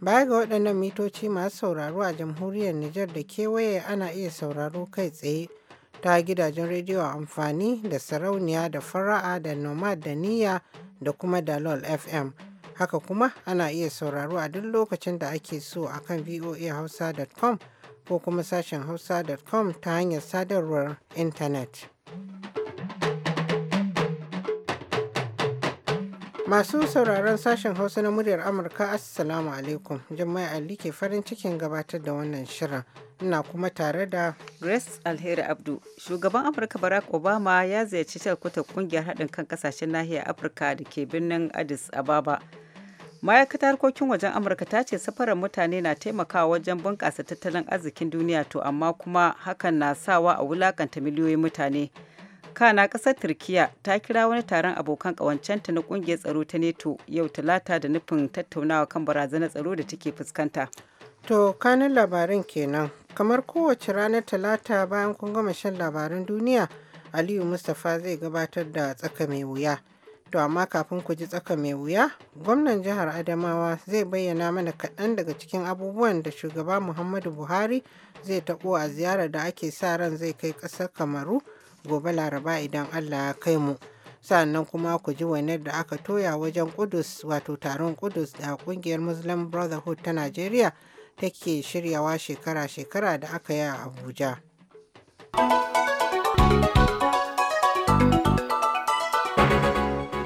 Baya ga waɗannan mitoci masu sauraro a jamhuriyar Nijar da kewaye ana iya sauraro kai tsaye ta gidajen rediyo a amfani da sarauniya da fara'a da nomad da niyya da kuma dalol FM. Haka kuma ana iya sauraro a duk lokacin da ake so a kan voahausa.com ko kuma sashen hausa.com ta hanyar sadarwar intanet. Masu sauraron sashen Hausa na muryar Amurka Assalamu alaikum. Jummai Ali ke farin cikin gabatar da wannan shirin. Ina kuma tare da Grace Alheri Abdu. Shugaban Amurka Barack Obama ya ziyarci shalkutar kungiyar haɗin kan kasashen nahiyar Afirka da ke birnin Addis Ababa. Ma'aikatar harkokin wajen Amurka ta ce safarar mutane na taimakawa wajen bunƙasa tattalin arzikin duniya to amma kuma hakan na sawa a wulakanta miliyoyin mutane. kana ƙasar turkiya ta kira wani taron abokan ƙawancenta na ƙungiyar tsaro ta neto yau talata da nufin tattaunawa kan barazanar tsaro da take fuskanta to kanin labarin kenan kamar kowace ranar talata bayan kun gama shan labarin duniya aliyu mustapha zai gabatar da tsaka mai wuya to amma kafin ku ji tsaka mai wuya gwamnan jihar adamawa zai bayyana mana kaɗan daga cikin abubuwan da shugaba muhammadu buhari zai taɓo a ziyarar da ake sa ran zai kai ƙasar kamaru gobe laraba idan Allah ya kai mu. sannan kuma ku ji wainar da aka toya wajen Kudus wato taron Kudus da kungiyar Muslim Brotherhood ta Najeriya take shiryawa shekara-shekara da aka yi a Abuja.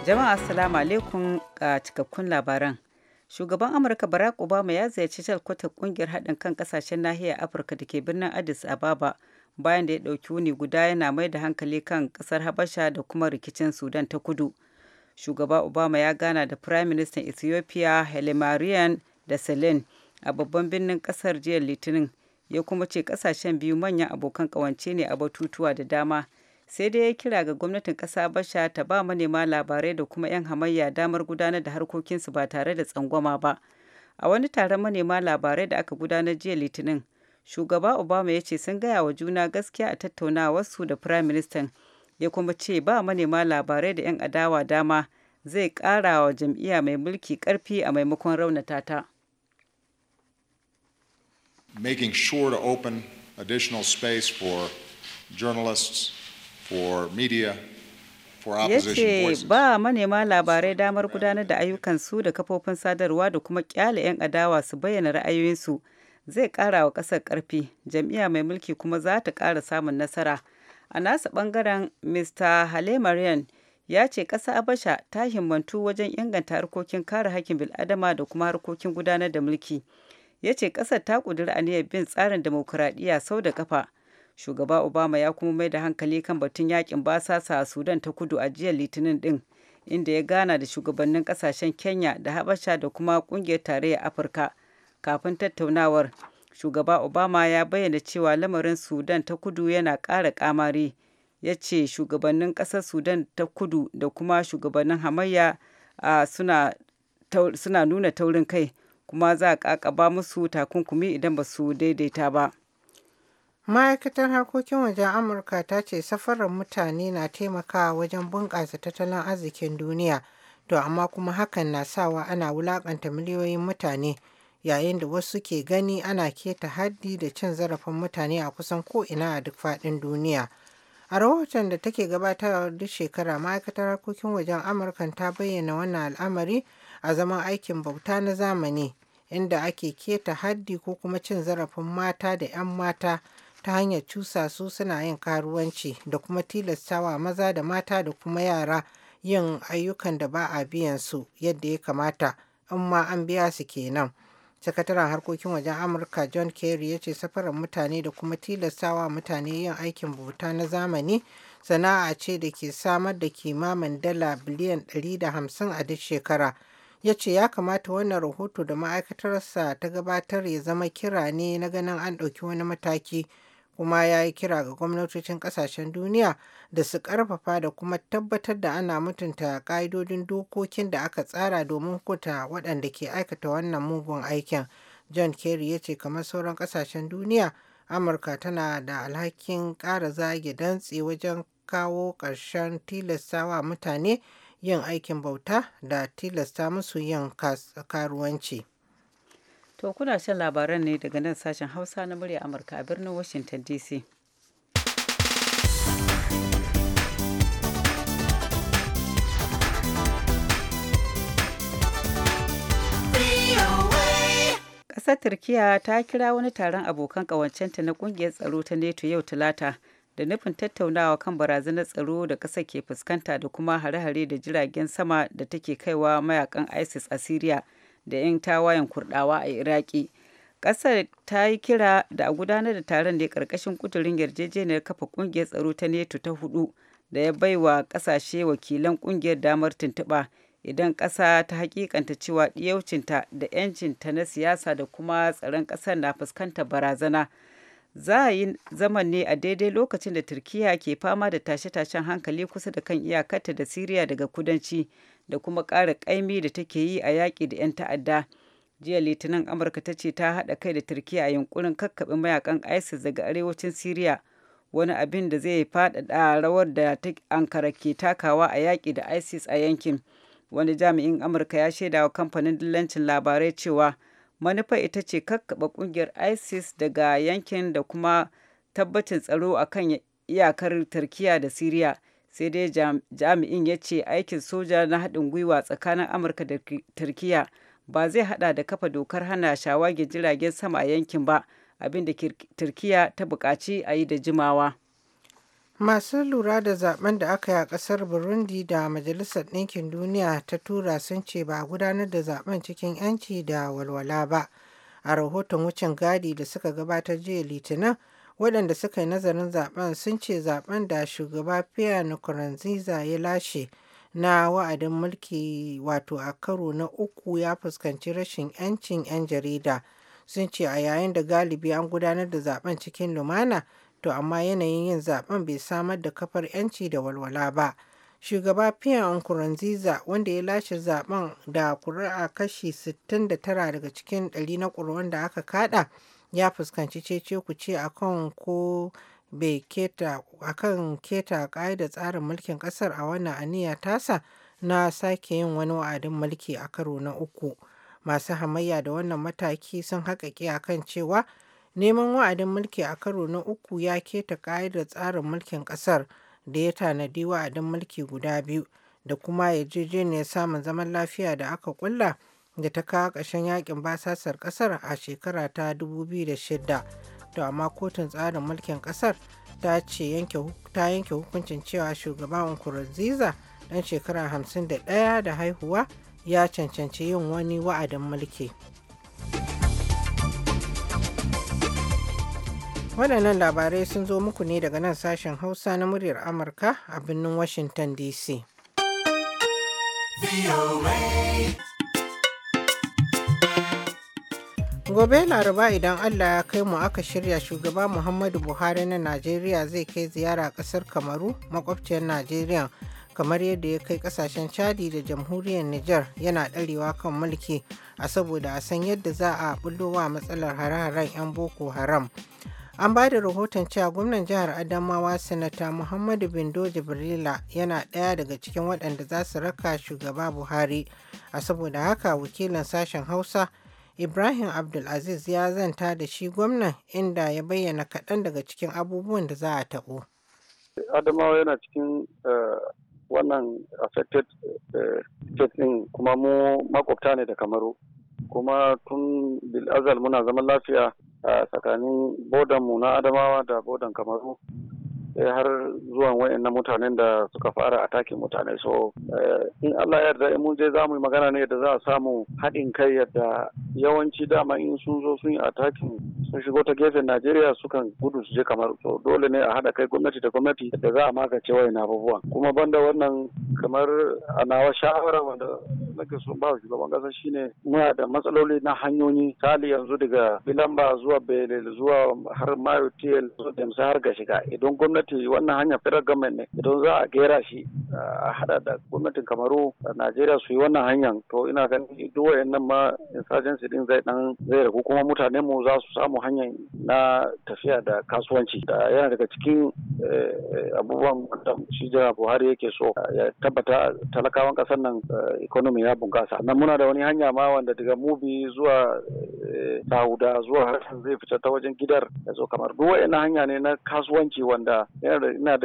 Jama'a Assalamu alaikum ga cikakkun labaran. Shugaban Amurka Barack Obama ya ziyarci jalkwatar kungiyar haɗin kan ƙasashen nahiyar Afirka da ke birnin Addis Ababa. bayan da ya ɗauki wuni guda yana mai da hankali kan ƙasar habasha da kuma rikicin sudan ta kudu shugaba obama ya gana da prime minister ethiopia helimarian da selin a babban birnin ƙasar jiya litinin ya kuma ce ƙasashen biyu manyan abokan ƙawance ne a batutuwa da dama sai dai ya kira ga gwamnatin ƙasa basha ta ba manema labarai da kuma 'yan hamayya damar gudanar da harkokinsu ba tare da tsangwama ba a wani taron manema labarai da aka gudanar jiya litinin shugaba obama ya ce sun gaya wa juna gaskiya a tattaunawarsu da prime minister ya kuma ce ba manema labarai da 'yan adawa dama zai kara wa jam'iyya mai mulki karfi a maimakon raunata ta making sure to open additional space for journalists for media ya ce ba manema labarai damar gudanar da ayyukansu da kafofin sadarwa da kuma kyale 'yan adawa su bayyana ra'ayoyinsu zai ƙara wa ƙasar ƙarfi jam'iyya mai mulki kuma za ta ƙara samun nasara a nasa ɓangaren mr halemarian ya ce ƙasa abasha ta himmantu wajen inganta harkokin kare hakkin bil'adama da kuma harkokin gudanar da mulki ya ce ƙasar ta ƙudiri aniyar bin tsarin demokuraɗiyya sau da kafa shugaba obama ya kuma mai da hankali kan batun yakin basasa a sudan ta kudu a jiya litinin din inda ya gana da shugabannin kasashen kenya da habasha da kuma kungiyar tarayyar afirka kafin tattaunawar shugaba obama ya bayyana cewa lamarin sudan ta kudu yana ƙara kamari ya ce shugabannin ƙasar sudan ta kudu da kuma shugabannin hamayya uh, suna, nuna taurin kai kuma za a ƙaƙaba musu takunkumi idan ba su daidaita ba ma'aikatar harkokin wajen amurka ta ce safarar mutane na taimakawa wajen bunƙasa tattalin arzikin duniya to amma kuma hakan na sawa ana wulaƙanta miliyoyin mutane yayin da wasu ke gani ana keta haddi da cin zarafin mutane a kusan ko'ina a duk faɗin duniya. A rahoton da take gabatar duk shekara ma'aikatar harkokin wajen Amurkan ta bayyana wannan al'amari a zaman aikin bauta na zamani inda ake keta haddi ko kuma cin zarafin mata da 'yan mata ta hanyar cusa su suna yin karuwanci da kuma tilastawa maza da mata da kuma yara yin ayyukan da ba a biyan su yadda ya kamata in ma an biya su kenan. sakataren harkokin wajen amurka john kerry ya ce safarar mutane da kuma tilastawa mutane yin aikin bauta na zamani sana'a ce da ke samar da kimamin dala biliyan 150 a duk shekara ya ce ya kamata wannan rahoto da ma'aikatarsa ta gabatar ya zama kira ne na ganin an ɗauki wani mataki kuma ya yi kira ga gwamnatocin kasashen duniya da su karfafa da kuma tabbatar da ana mutunta ka'idodin dokokin da aka tsara domin hukunta waɗanda ke aikata wannan mugun aikin john kerry ya ce kamar sauran kasashen duniya amurka tana da alhakin ƙara zage dantse wajen kawo ƙarshen tilastawa mutane yin aikin bauta da tilasta musu yin karuwanci. To kuna shan labaran ne daga nan sashen Hausa na murya Amurka a birnin Washington DC. Ƙasar Turkiya ta kira wani taron abokan ƙawancenta na ƙungiyar tsaro ta NATO yau Talata da nufin tattaunawa kan barazanar tsaro da ƙasar ke fuskanta da kuma hare-hare da jiragen sama da take kaiwa mayakan ISIS a Siriya. da 'yan tawayen kurdawa a iraki kasar ta yi kira da a gudanar da taron da karkashin kudurin yarjejeniyar kafa kungiyar tsaro ta neto ta hudu da ya baiwa kasashe wakilan kungiyar damar tuntuɓa idan ƙasa ta hakikanta cewa ɗiyaucinta da 'yancinta na siyasa da kuma tsaron ƙasar na fuskantar barazana za a yi zaman ne a daidai lokacin da turkiya ke fama da tashe-tashen hankali kusa da kan iyakarta da siriya daga kudanci da kuma ƙara ƙaimi da take yi a yaƙi da 'yan ta'adda jiya litinin amurka ta ce ta haɗa kai da turkiya a yunkurin kakkaɓe mayakan isis daga arewacin siriya wani abin da zai faɗaɗa rawar da ankara ke takawa a yaƙi da isis a yankin wani jami'in amurka ya shaida wa kamfanin dillancin labarai cewa manufa ita ce kakkaɓe ƙungiyar isis daga yankin da kuma tabbacin tsaro akan iyakar turkiya da siriya sai dai jami'in ya ce aikin soja na haɗin gwiwa tsakanin amurka da turkiya ba zai hada da kafa dokar hana shawagin jiragen sama a yankin ba abin da turkiya ta buƙaci a yi da jimawa masu lura da zaben da aka yi a ƙasar burundi da majalisar ɗinkin duniya ta tura sun ce ba a gudanar da zaben cikin 'yanci da walwala ba a rahoton wucin gadi da suka gabatar jiya litinin waɗanda suka yi nazarin zaben sun ce zaben da shugaba Nkurunziza ya lashe na wa'adin mulki wato a karo na uku ya fuskanci rashin 'yancin 'yan jarida sun ce a yayin da galibi an gudanar da zaben cikin lumana to amma yanayin yin zaben bai samar da kafar 'yanci da walwala ba shugaba nkurunziza wanda ya lashe zaben da kuri'a kashi 69 daga cikin 100 na kuri'un da aka kada ya fuskanci cece ku akan ko bai keta akan keta ƙa'idar tsarin mulkin ƙasar a wannan aniya tasa na sake yin wani wa'adin mulki a karo na uku masu hamayya da wannan mataki sun haƙaƙe akan cewa neman wa'adin mulki a karo na uku ya keta ƙa'idar tsarin mulkin ƙasar da ya tanadi wa'adin mulki guda biyu da kuma yarjejeniyar samun zaman lafiya da aka ƙulla da ta kawo ƙarshen yakin basasar ƙasar a shekara ta 2006 to amma kotun tsarin mulkin ƙasar ta yanke hukuncin cewa shugaban Nkurunziza ɗan shekara 51 da haihuwa ya cancanci yin wani wa'adin mulki. waɗannan labarai sun zo muku ne daga nan sashen hausa na muryar amurka a birnin washington dc. Gobe Laraba idan Allah ya kai mu aka shirya shugaba Muhammadu Buhari na Najeriya zai kai ziyara kasar Kamaru makwabciyar Najeriya kamar yadda ya kai kasashen Chadi da jamhuriyar Nijar yana ɗarewa kan mulki a saboda a san yadda za a bullowa matsalar hare-haren 'yan Boko Haram. An ba da rahoton cewa gwamnan jihar Adamawa Sanata Muhammadu Bindo Jibrila yana ɗaya daga cikin waɗanda za su raka shugaba Buhari a saboda haka wakilin sashen Hausa Ibrahim Abdulaziz ya zanta da shi gwamnan inda ya bayyana kaɗan daga cikin abubuwan da za a taɓo. Adamawa yana cikin eh, wannan affected eh, state ɗin kuma mu makwabta ne da Kamaru. Kuma tun bil'azal muna zaman lafiya a tsakanin bodan mu na Adamawa da bodan Kamaru Eh, har zuwan wayannan mutanen da suka fara a takin mutane so eh, in Allah ya yarda mun je za yi magana ne yadda za a samu haɗin kai yadda yawanci dama in sun zo sun yi takin sun shigo ta gefen Najeriya sukan gudu su je kamar so dole ne a haɗa kai gwamnati da gwamnati da za a magance wayannan abubuwan kuma banda wannan kamar a nawa shawara wanda nake son ba shugaban kasa shine muna da matsaloli na hanyoyi tali yanzu daga Bilamba zuwa Bele zuwa har Mayo TL zuwa Demsa har shiga idan gwamnati gwamnati wannan hanyar federal government ne idan za a gera shi a hada da gwamnatin kamaru a najeriya su yi wannan hanyar to ina ganin duk wayan nan ma insurgency din zai dan zai ragu kuma mutanen mu za su samu hanyar na tafiya da kasuwanci da yana daga cikin eh, abubuwan da shi jira buhari yake so ya tabbata talakawan kasar nan eh, economy ya bunkasa nan muna da wani hanya ma wanda daga mubi zuwa sauda eh, zuwa harshen zai fita ta wajen gidar ya zo kamar duk wayannan hanya ne na kasuwanci wanda yana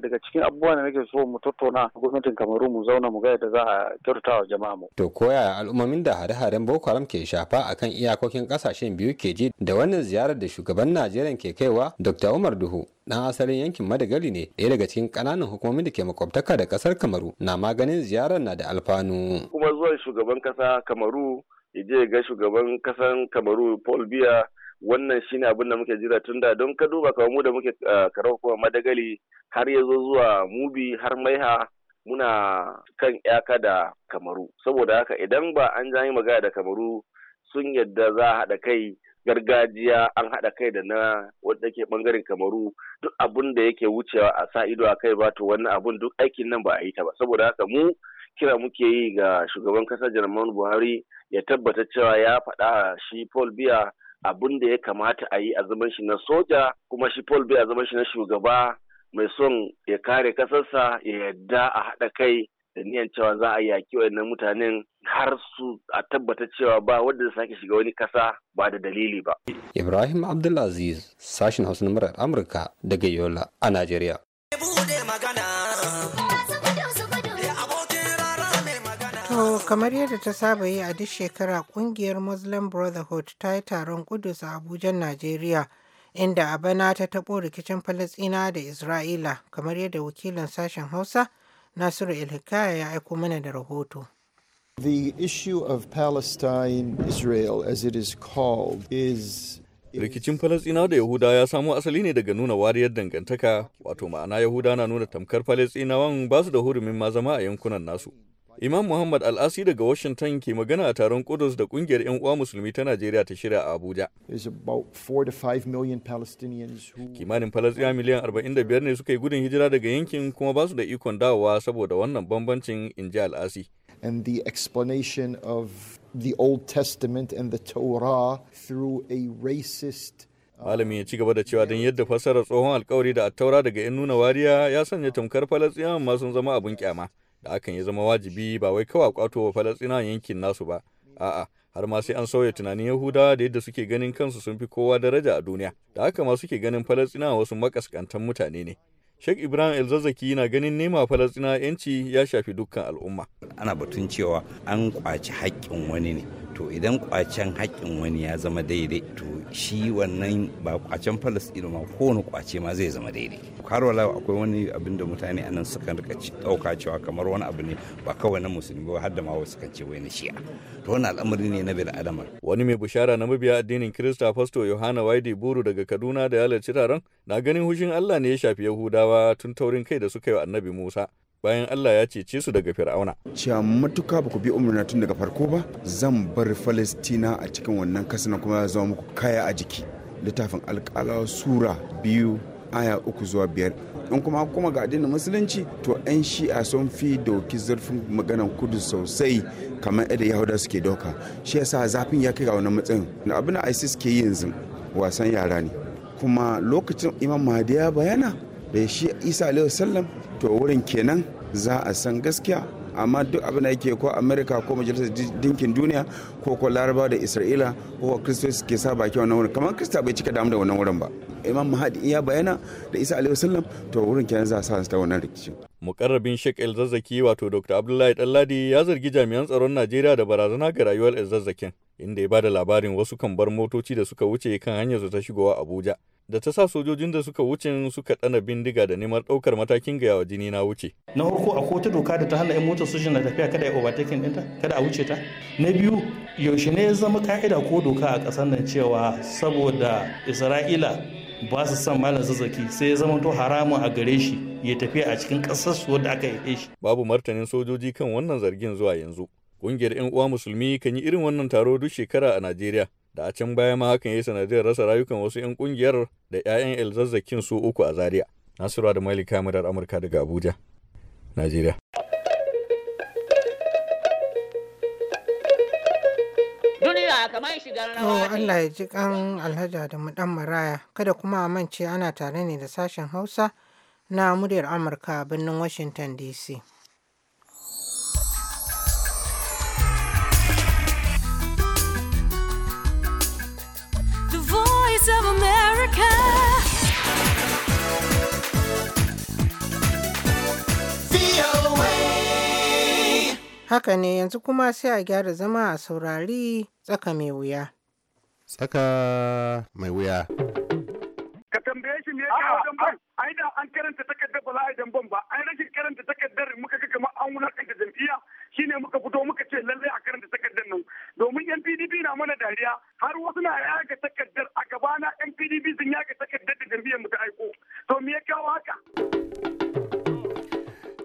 daga cikin abubuwan da nake so mu tattauna gwamnatin kamaru mu zauna mu ga yadda za a kyautata wa jama'a mu to koya al'ummomin da hare-haren boko haram ke shafa akan iyakokin kasashen biyu ke ji da wannan ziyarar da shugaban najeriya ke kaiwa dr umar duhu dan asalin yankin madagali ne ɗaya daga cikin ƙananan hukumomin da ke makwabtaka da ƙasar kamaru na maganin ziyarar na da alfanu kuma zuwa shugaban ƙasa kamaru ya ga shugaban ƙasan kamaru paul biya wannan shine abin da muke jira tun da don ka duba kawai mu da muke ah, karawa kuma madagali har ya zo zuwa mubi har maiha muna kan yaka da kamaru saboda haka idan ba an ja magana da kamaru sun yadda za a haɗa kai gargajiya an haɗa kai da na wanda ke ɓangaren kamaru duk abin da yake wucewa a sa ido a kai ba to wannan abun duk aikin nan ba a yi ta ba saboda haka mu kira muke yi ga shugaban kasar janar buhari ya tabbata cewa ya faɗa shi paul biya abin da ya kamata a yi a zaman shi na soja kuma shi Paul Biya a zaman shi na shugaba mai son ya kare kasarsa ya yadda a haɗa kai da niyan cewa za a yaƙi waɗannan mutanen har su a tabbata cewa ba wanda zai sake shiga wani kasa ba da dalili ba. Ibrahim Abdulaziz sashen Hausa na Amurka daga Yola a Najeriya. magana kamar yadda ta saba yi a duk shekara kungiyar muslim brotherhood ta yi taron kudus a abuja najeriya inda a bana ta taɓo rikicin falasina da isra'ila kamar yadda wakilin sashen hausa nasiru ilhikaya ya aiko mana da rahoto The issue of Palestine Israel as it is called is rikicin falasina da yahuda ya samo asali ne daga nuna wariyar dangantaka wato ma'ana yahuda na nuna tamkar falasinawan ba su da hurumin ma zama a yankunan nasu Imam Muhammad Al'asi daga Washington ke magana a taron Kudus da kungiyar 'yan uwa musulmi ta Najeriya ta shirya a Abuja. Kimanin falasiya miliyan 45 ne suka yi gudun hijira daga yankin kuma ba su da ikon dawowa saboda wannan bambancin inji Al'asi. And the explanation of the Old Testament and the Torah through a racist uh, malamin ya ci gaba da cewa don yadda fassarar tsohon alkawari da attaura daga 'yan nuna wariya ya sanya tamkar falasɗiyawan ma sun zama abin kyama da hakan ya zama wajibi ba wai kawai kwato wa falastinawan yankin nasu ba a'a har ma sai an sauya tunanin yahudawa da yadda suke ganin kansu sun fi kowa daraja a duniya da haka ma suke ganin falastina wasu makaskantan mutane ne Sheikh Ibrahim ElZazaki na ganin nema Falastina yanci ya shafi dukkan al'umma. Ana batun cewa an kwaci haƙƙin wani ne. to idan kwacen haƙƙin wani ya zama daidai to shi wannan ba kwacen falasɗinu ma kowane kwace ma zai zama daidai har wala akwai wani abin da mutane anan sukan rika ɗauka cewa kamar wani abu ne ba kawai na musulmi ba har da ma wasu kan ce wai na shi'a to wani al'amari ne na adama. wani mai bushara na mabiya addinin kirista fasto yohana waidi buru daga kaduna da ya taron na ganin hushin allah ne ya shafi yahudawa tun taurin kai da suka yi wa annabi musa bayan Allah ya cece su daga Fir'auna. Cewa matuka ba ku bi umarna tun daga farko ba zan bar Falastina a cikin wannan kasanan kuma ya zama muku kaya a jiki. Littafin alƙalawa Sura biyu aya uku zuwa biyar in kuma kuma ga addinin musulunci to 'yan shi'a sun fi doki zurfin maganar kudu sosai kamar yadda yahuda suke doka shi yasa zafin ya kai ga wani matsayin na abin da isis ke yanzu wasan yara ne kuma lokacin imam mahdi ya bayyana. da shi isa alaihi to wurin kenan za a san gaskiya amma duk abin da yake ko amerika ko majalisar dinkin duniya ko ko laraba da isra'ila ko kristos ke sa baki wannan wurin kamar krista bai cika damu da wannan wurin ba imam mahadi iya bayana da isa alaihi wasallam to wurin kenan za a sa ta wannan rikicin mukarrabin Sheikh Elzazzaki wato Dr. Abdullahi ɗanladi ya zargi jami'an tsaron Najeriya da barazana ga rayuwar Elzazzakin inda ya bada labarin wasu kan bar motoci da suka wuce kan hanyar su ta shigowa Abuja da ta sa sojojin da suka wuce suka ɗana bindiga da neman ɗaukar matakin ga yawa jini na wuce. Na farko a ta doka da ta hana 'yan motar sojin na tafiya kada ya overtaking ɗinta kada a wuce ta. Na biyu yaushe ne ya zama ka'ida ko doka a ƙasar nan cewa saboda Isra'ila ba su son malam zazzaki sai ya zama to haramun a gare shi ya tafi a cikin ƙasar su wadda aka haife shi babu martanin sojoji kan wannan zargin zuwa yanzu ƙungiyar 'yan uwa musulmi kan yi irin wannan taro duk shekara a najeriya da a can baya ma hakan ya yi sanadiyar rasa rayukan wasu 'yan ƙungiyar da 'ya'yan el zazzakin su uku a zaria nasiru da malika murar amurka daga abuja najeriya kamar shigar rawa Allah ya ji kan Alhaja da dan Maraya kada kuma a mance ana tare ne da sashen Hausa na muryar Amurka a birnin Washington DC The Voice of America Haka ne yanzu kuma sai a gyara zama a saurari tsaka mai wuya. Tsaka mai wuya. Ka tambaye shi ne ya a ai da an karanta takardar ba za a damban ba ai rashin karanta takardar muka ga kamar an wulakanta jam'iyya ne muka fito muka ce lallai a karanta takardar nan domin yan PDP na mana dariya har wasu na yaga takardar a gabana yan PDP sun yaga takardar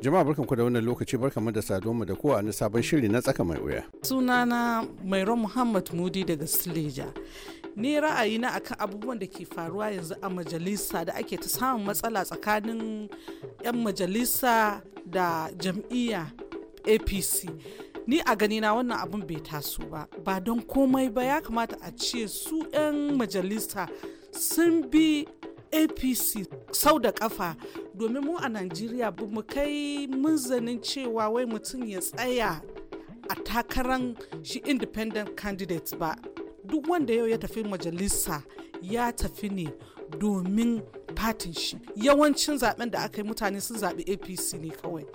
Jama'a barkanku da wannan lokaci barkanmu da saduwa da kowa na sabon shiri na tsaka mai wuya. Sunana mairo Muhammad Mudi daga Sileja. Ni ra'ayi na akan abubuwan da ke faruwa yanzu a majalisa da ake ta samun matsala tsakanin 'yan majalisa da jam'iyya APC. ni a ganina wannan abun bai taso ba ba don komai ba ya kamata a ce su 'yan majalisa sun bi apc sau da kafa domin mu a najeriya ba mu kai munzanin cewa wai mutum ya tsaya a takaran shi independent candidate ba duk wanda yau ya tafi majalisa ya tafi ne domin fatin shi yawancin zaben da aka yi mutane sun zaɓi apc ne kawai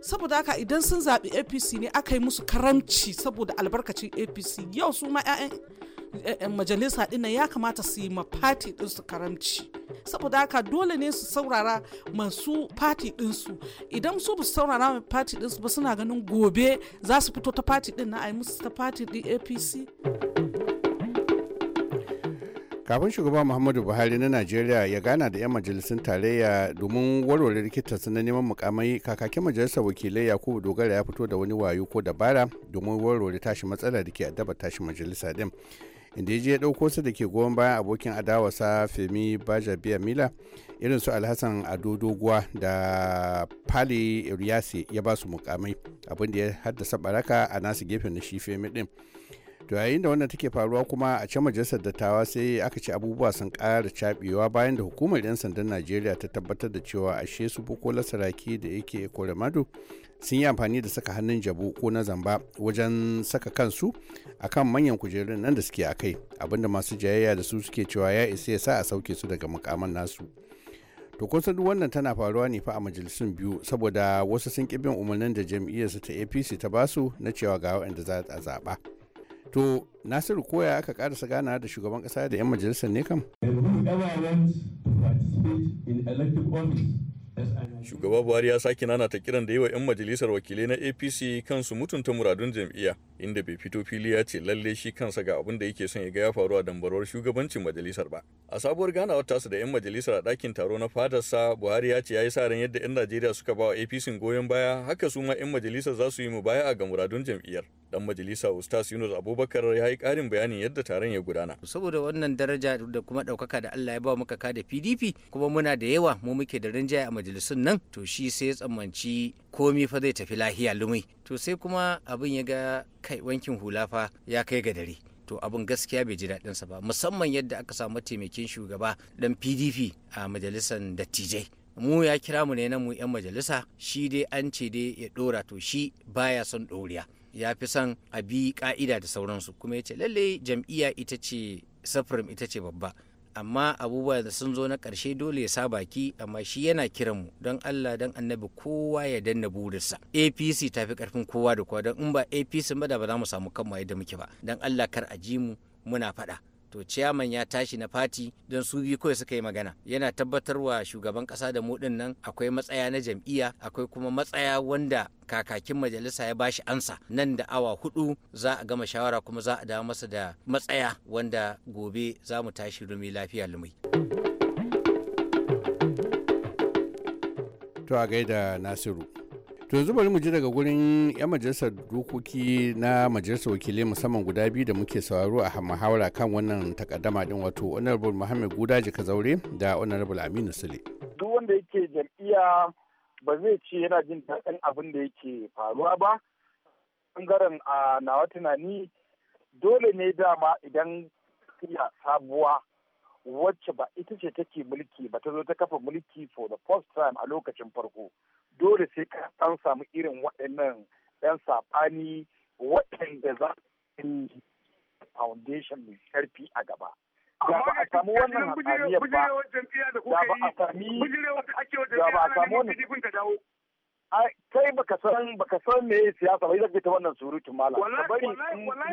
saboda haka idan sun zaɓi apc ne aka yi musu karamci saboda albarkacin apc yau su ma 'ya'yan majalisa ɗin ya kamata su yi ma fati ɗinsu karamci saboda haka dole ne su saurara masu fati ɗinsu idan su ba su saurara ma fati ɗinsu ba suna ganin gobe za su fito ta fati ɗin na a yi musu ta fati ɗin apc kafin shugaba muhammadu buhari na najeriya ya gana da 'yan majalisun tarayya domin warware rikitarsu na neman mukamai kakakin majalisar wakilai yakubu dogara ya fito da wani wayo ko dabara domin warware tashi matsala da ke addaba tashi majalisa din inda ya je ya ɗauko su da ke goyon bayan abokin adawarsa femi baja biya mila irin su alhassan ado doguwa da pali riyasi ya ba su mukamai abinda ya haddasa baraka a nasu gefen na shi femi din to yayin da wannan take faruwa kuma a can majalisar dattawa sai aka ce abubuwa sun kara cabewa bayan da hukumar 'yan sandan najeriya ta tabbatar da cewa ashe su bukola saraki da yake koramadu sun yi amfani da saka hannun jabu ko na zamba wajen saka kansu akan manyan kujerun nan da suke a kai abinda masu jayayya da su suke cewa ya isa ya sa a sauke su daga mukaman nasu to kun san duk wannan tana faruwa ne fa a majalisun biyu saboda wasu sun ƙi bin umarnin da jam'iyyarsu ta apc ta basu na cewa ga waɗanda za a zaɓa To Nasiru koya aka karasa gana da shugaban kasa da 'yan majalisar ne kam? Shugaba Buhari ya sake nana ta kiran da yi wa 'yan majalisar wakilai na APC kansu mutunta muradun jam'iyya inda bai fito fili ya ce lalle shi kansa ga abin da yake son ya ga ya faru a dambarwar shugabancin majalisar ba. A sabuwar ganawar tasa da 'yan majalisar a ɗakin taro na fadarsa Buhari ya ce ya yi sa ran yadda 'yan Najeriya suka ba wa APC goyon baya haka su ma 'yan majalisar za su yi mu baya ga muradun jam'iyyar. dan majalisa Ustaz Yunus Abubakar ya yi karin bayanin yadda taron ya gudana. Saboda wannan daraja da kuma daukaka da Allah ya ba muka ka da PDP kuma muna da yawa mu muke da rinjaye a majalisun nan to shi sai ya tsammanci komi fa zai tafi lahiya lumai. To sai kuma abin ya ga kai wankin hula fa ya kai ga dare. to abin gaskiya bai ji daɗinsa ba musamman yadda aka samu mataimakin shugaba dan pdp a majalisan dattijai mu ya kira mu ne na mu 'yan majalisa shi dai an ce dai ya ɗora to shi baya son ɗoriya ya fi son a bi ka'ida da sauransu kuma ya ce lalle jam'iyya ita ce safirin ita ce babba amma abubuwa da sun zo na ƙarshe dole ya sa baki amma shi yana kiran mu don Allah don annabi kowa ya danna burinsa APC ta fi ƙarfin kowa da kowa don in ba APC ba da ba za mu samu kanmu yadda muke ba don Allah kar a ji mu muna faɗa to ciyaman ya tashi na fati don su biyu kawai suka yi magana yana tabbatarwa shugaban kasa da mu nan akwai matsaya na jam'iyya akwai kuma matsaya wanda kakakin majalisa ya bashi ansa nan da awa hudu za a gama shawara kuma za a dawo masa da matsaya wanda gobe za mu tashi rumi lafiya lumai. To a gaida Nasiru. to yanzu bari mu ji daga gurin 'yan majalisar dokoki na majalisar wakilai musamman guda biyu da muke sauraro a muhawara kan wannan takaddama din wato honorable muhammad gudaji zaure da honorable aminu sule duk wanda yake jam'iyya ba zai ce yana jin daɗin abin da yake faruwa ba bangaren a nawa tunani dole ne dama idan iya sabuwa wacce ba ita ce take mulki ba ta zo ta kafa mulki for the first time a lokacin farko dole sai ka an samu irin waɗannan ɗan saɓani waɗanda za su yi. foundation mai ƙarfi a gaba. Da ba a samu wannan hatsaniyar ba, da ba a sami, da ba a wannan. kai baka san baka san me siyasa ba zaka ta wannan surutun mala ka bari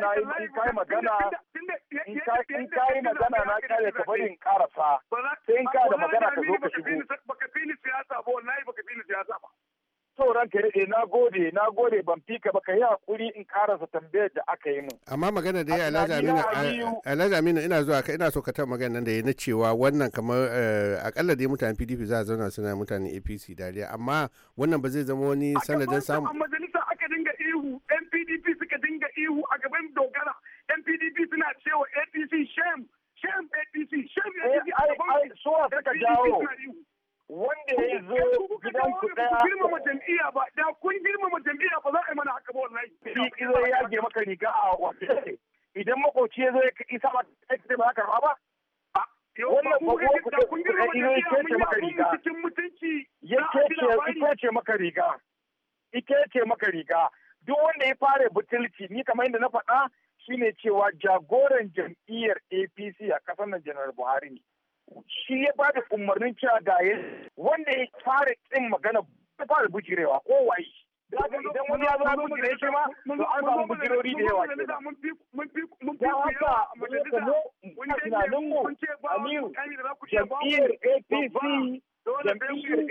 na yi kai magana in ka yi magana na ka karasa sai in ka da magana ka zo ka shigo baka fili siyasa ba baka fili siyasa ba na gode na gode ban fi ba ka yi hakuri in karasa tambayar da aka yi min amma magana da ya alhaji aminu ina zuwa ka ina so ka taɓa magana da ya na cewa wannan kamar eh, akalla dai mutanen pdp za a zauna suna mutanen apc dariya amma wannan ba zai zama wani sanadin samu a majalisa aka dinga ihu yan pdp suka dinga ihu a gaban dogara PDP suna cewa APC shame shame APC shame APC eh, a gaban so a saka jawo wanda ya zo gidan ku daya girmama jam'iyya ba da kun girmama jam'iyya ba za a yi mana haka ba wallahi shi zo ya maka riga a wace idan makoci ya zo ya isa ma kai ba ka ba wannan ba kuwa ku ta kun girmama jam'iyya mun ya mun cikin mutunci ya ce maka riga ike ce maka riga duk wanda ya fara butulci ni kamar yadda na faɗa shine cewa jagoran jam'iyyar apc a ƙasar nan janar buhari ne shi ya ba da umarnin cewa ga wanda ya fara tsin magana ya fara bujirewa ko wayi idan wani ya zo bujire shi ma to an samu bujirori da yawa ke da haka muna tunanin mu amiru jam'iyyar apc jam'iyyar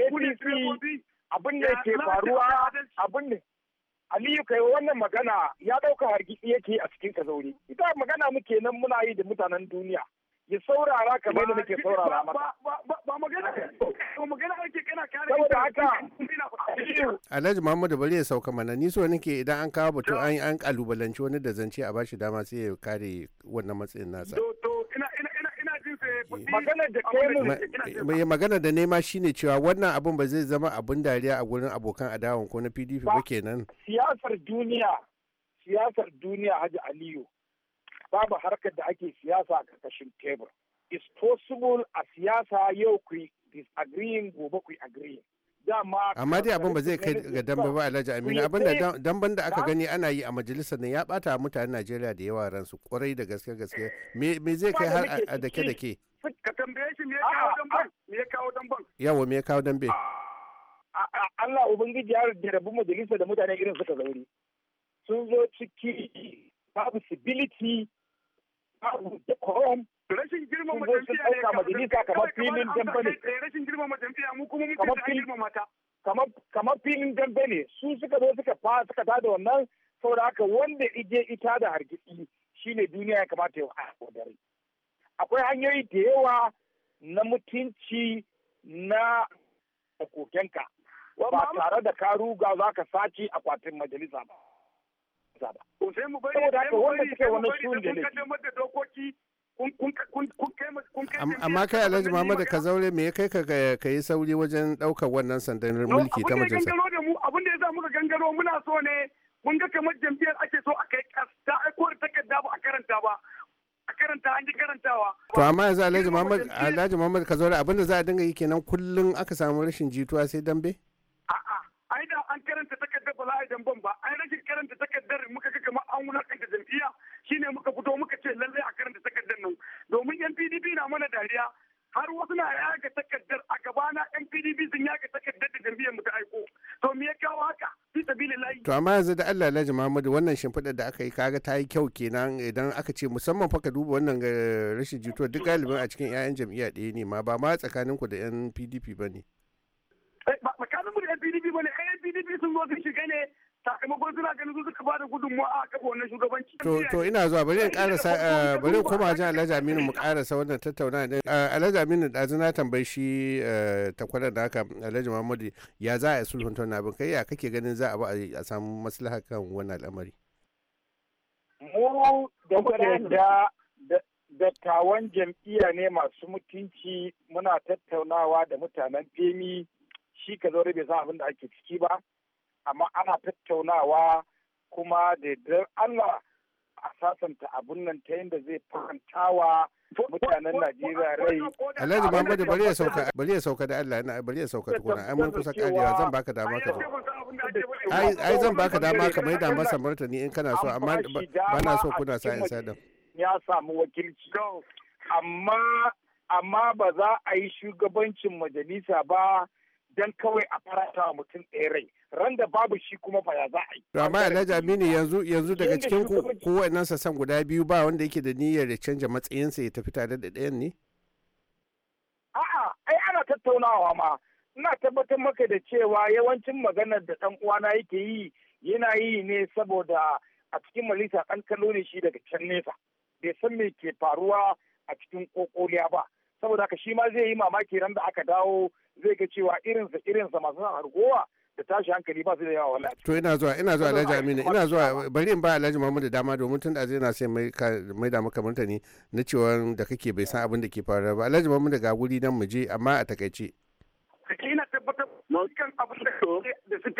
apc abin da ke faruwa abin da Aliyu kai wannan magana ya ɗauka hargitsi yake a cikin kazauri. Ita magana muke nan muna yi da mutanen duniya. Ya saurara kamar da nake saurara maka. Ba magana ba magana ake kana kare. Saboda haka Alhaji Muhammadu bari ya sauka mana ni so nake idan an kawo batu an an kalubalanci wani da zance a bashi dama sai ya kare wannan matsayin nasa. Eh. magana da nema shine cewa wannan abin ba zai zama abin dariya a gurin abokan adawan ko na pdp ba kenan siyasar duniya siyasar duniya haji aliyu babu harkar da ake siyasa a karkashin tebur is possible a siyasa yau ku disagreeing gobe ku agree. amma dai abin ba zai kai ga damba ba alhaji aminu abin da damban da aka gani ana yi a majalisar nan ya bata mutanen najeriya da yawa ransu kwarai da gaske gaske me zai kai har a dake dake ka tambaye shi me kawo me ya kawo me ya kawo Allah ubangiji ya rabu majalisa da mutane irin suka zauri sun zo ciki babu babu decorum rashin majalisa kamar filin dambe ne su suka zo suka fa suka tada wannan saboda haka wanda ije ita da hargitsi shine duniya ya kamata ya wa dare akwai hanyoyi da yawa na mutunci na kokenka ba tare da ka ruga za ka sace akwatin majalisa ba. amma kai alhaji muhammadu ka zaure me ya kai ka yi sauri wajen ɗaukar wannan sandan mulki ta majalisa abin da ya sa muka gangaro muna so ne mun ga kamar jam'iyyar ake so a kai ta aiko da takarda ba a karanta ba karanta an ji karantawa. To amma yanzu Alhaji Muhammad Alhaji Muhammad Kazaure abinda za a dinga yi kenan kullum aka samu rashin jituwa sai dambe? A'a ai da an karanta takardar ba za a yi damben ba ai rashin karanta takardar muka ga kamar an wulakanta jam'iyya shine muka fito muka ce lallai a karanta takardar nan domin yan PDP na mana dariya har wasu na yaga takardar a gabana yan pdp sun yaga takardar da jam'iyyar mu ta aiko to me ya kawo haka fi layi to amma yanzu da Allah Alhaji Muhammadu wannan shimfiɗar da aka yi kaga ta yi kyau kenan idan aka ce musamman fa ka duba wannan eh, rashin jituwa duk galibin a cikin 'ya'yan jami'a ɗaya ne ma ba ma tsakaninku da 'yan pdp ba ne. Eh, mu da 'yan pdp ba ne 'yan pdp sun zo sun shiga ne sakamakon suna ganin su suka bada gudunmawa a kafa wannan shugabanci. To to ina zuwa bari in karasa eh, bari koma jin Alhaji Aminu mu karasa wannan tattaunawa ne. Eh, Alhaji Aminu da na tambayi shi eh, takwarar da haka Alhaji Muhammadu ya za a sulhunta wannan abin kai ya kake ganin za a ba a samu maslaha kan wannan al'amari. Mu da da dattawan jam'iyya ne masu mutunci muna tattaunawa da mutanen femi shi ka zaure bai san abin da ake ciki ba amma ana tattaunawa kuma da yardar Allah a sasanta abun nan ta yadda zai wa mutanen Najeriya rai. Alhaji ba bari ya sauka bari ya sauka da Allah na bari ya sauka tukuna ai mun kusa karewa zan baka dama ka ai ai zan baka dama ka mai da masa martani in kana so amma ba na so kuna sa'in sadan. Ya samu wakilci amma amma ba za a yi shugabancin majalisa ba don kawai a farata wa mutum ɗaya rai ran da babu shi kuma ba ya za a yi. Rama ya mini yanzu yanzu daga cikin kowannen sassan guda biyu ba wanda yake da niyyar da canja matsayinsa ya tafi tare da ɗayan ne? A'a, ai ana tattaunawa ma. Ina tabbatar maka da cewa yawancin maganar da ɗan uwana yake yi yana yi ne saboda a cikin malisa an kallo ne shi daga can nesa. Bai san me ke faruwa a cikin kokoliya ba. Saboda haka shi ma zai yi mamaki ran da aka dawo zai ga cewa irinsa irinsa masu hargowa da tashi hankali ba su da yawa wallahi to ina zuwa ina zuwa Alhaji Aminu ina zuwa bari in ba Alhaji da dama domin tun da zai na sai mai da maka martani na cewa da kake bai san abin da ke faruwa ba Alhaji Muhammadu ga guri nan mu je amma a takaice ina tabbatar kan abin da da su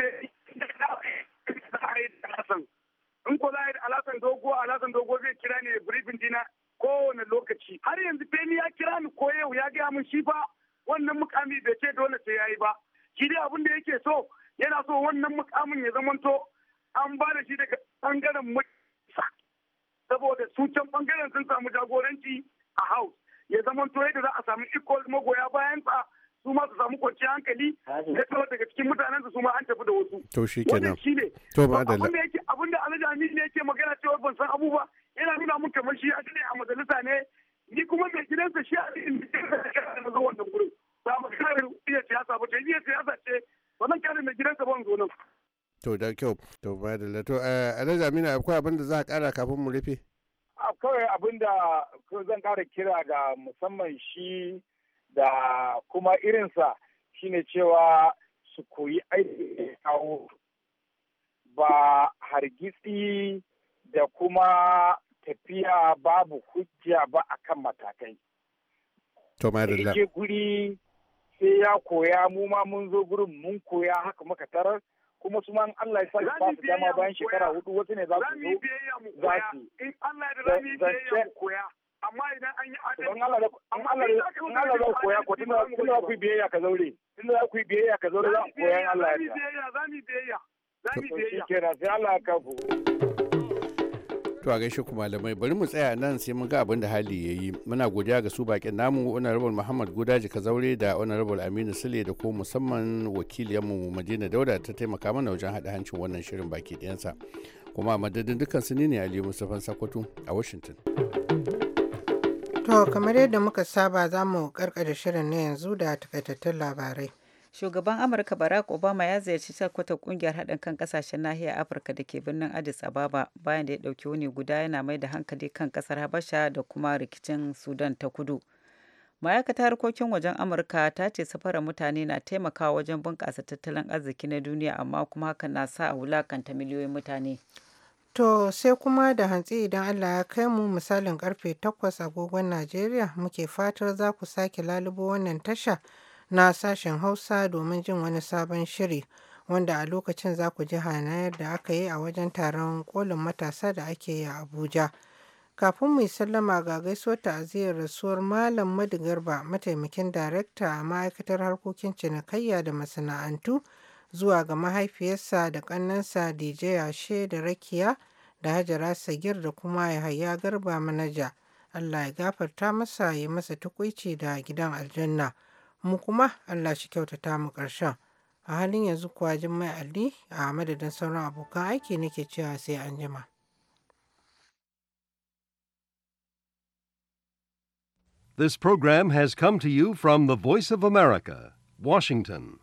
shi kenan to ba da la abin da alhaji aminu ne yake magana cewa ban san abubuwa yana nuna mun kamar shi ya ne a majalisa ne ni kuma mai gidansa shi a ne da zo wannan gurin ba mu kare iya siyasa ba ta iya siyasa ce ba nan kare mai gidansa ban zo nan to da kyau to ba da la to eh, alhaji aminu akwai abin da za a kara kafin mu rufe akwai abin da zan kara kira ga musamman shi da kuma irinsa shine cewa su koyi aiki kawo ba hargitsi da kuma tafiya babu hujja ba a kan matakai. To guri sai ya koya mu ma mun zo gurin mun koya haka muka tarar kuma su man Allah ya sa ba su dama bayan shekara hudu wasu ne za su zo za su zance koya amma idan an yi adalci Allah da Allah zai koya ko tunda za ku biyayya ka zaure tunda za ku biyayya ka zaure za ku koya Allah ya sa za mu biyayya To a gaishe ku malamai bari mu tsaya nan sai mun ga abin da hali ya yi muna godiya ga su bakin namu honorable muhammad gudaji zaure da honorable aminu sule da ko musamman wakiliyanmu madina dauda ta taimaka mana wajen haɗa hancin wannan shirin baki ɗayansa kuma madadin dukkan su ne aliyu mustapha sakwato a washington to kamar yadda muka saba za mu karkada shirin na yanzu da takaitattun labarai Shugaban Amurka Barack Obama ya ziyarci takwatar kungiyar haɗin kan ƙasashen nahiyar Afirka da ke birnin Addis Ababa bayan da ya ɗauki wuni guda yana mai da hankali kan ƙasar Habasha da kuma rikicin Sudan ta kudu. ma'aikata harkokin wajen Amurka ta ce safarar mutane na taimakawa wajen bunƙasa tattalin arziki na duniya amma kuma hakan na sa a wulakanta miliyoyin mutane. To sai kuma da hantsi idan Allah ya kai mu misalin karfe 8 agogon Najeriya muke fatar za ku sake lalubo wannan tasha. na sashen Hausa domin jin wani sabon shiri wanda a lokacin za ku ji hanayar da aka yi a wajen taron kolin matasa da ake yi a Abuja. Kafin mu sallama ga gaisuwar ta'aziyar rasuwar Malam Madu Garba mataimakin darekta a ma'aikatar harkokin cinikayya da masana'antu zuwa ga mahaifiyarsa da ƙannansa DJ Ashe da Rakiya da Hajara Sagir da kuma Yahaya Garba manaja. Allah ya gafarta masa ya masa tukuici da gidan aljanna. mu kuma Allah shi kyautata mu ƙarshen. A halin yanzu kuwa mai Ali a madadin sauran abokan aiki nake cewa sai an jima. This program has come to you from the Voice of America, Washington.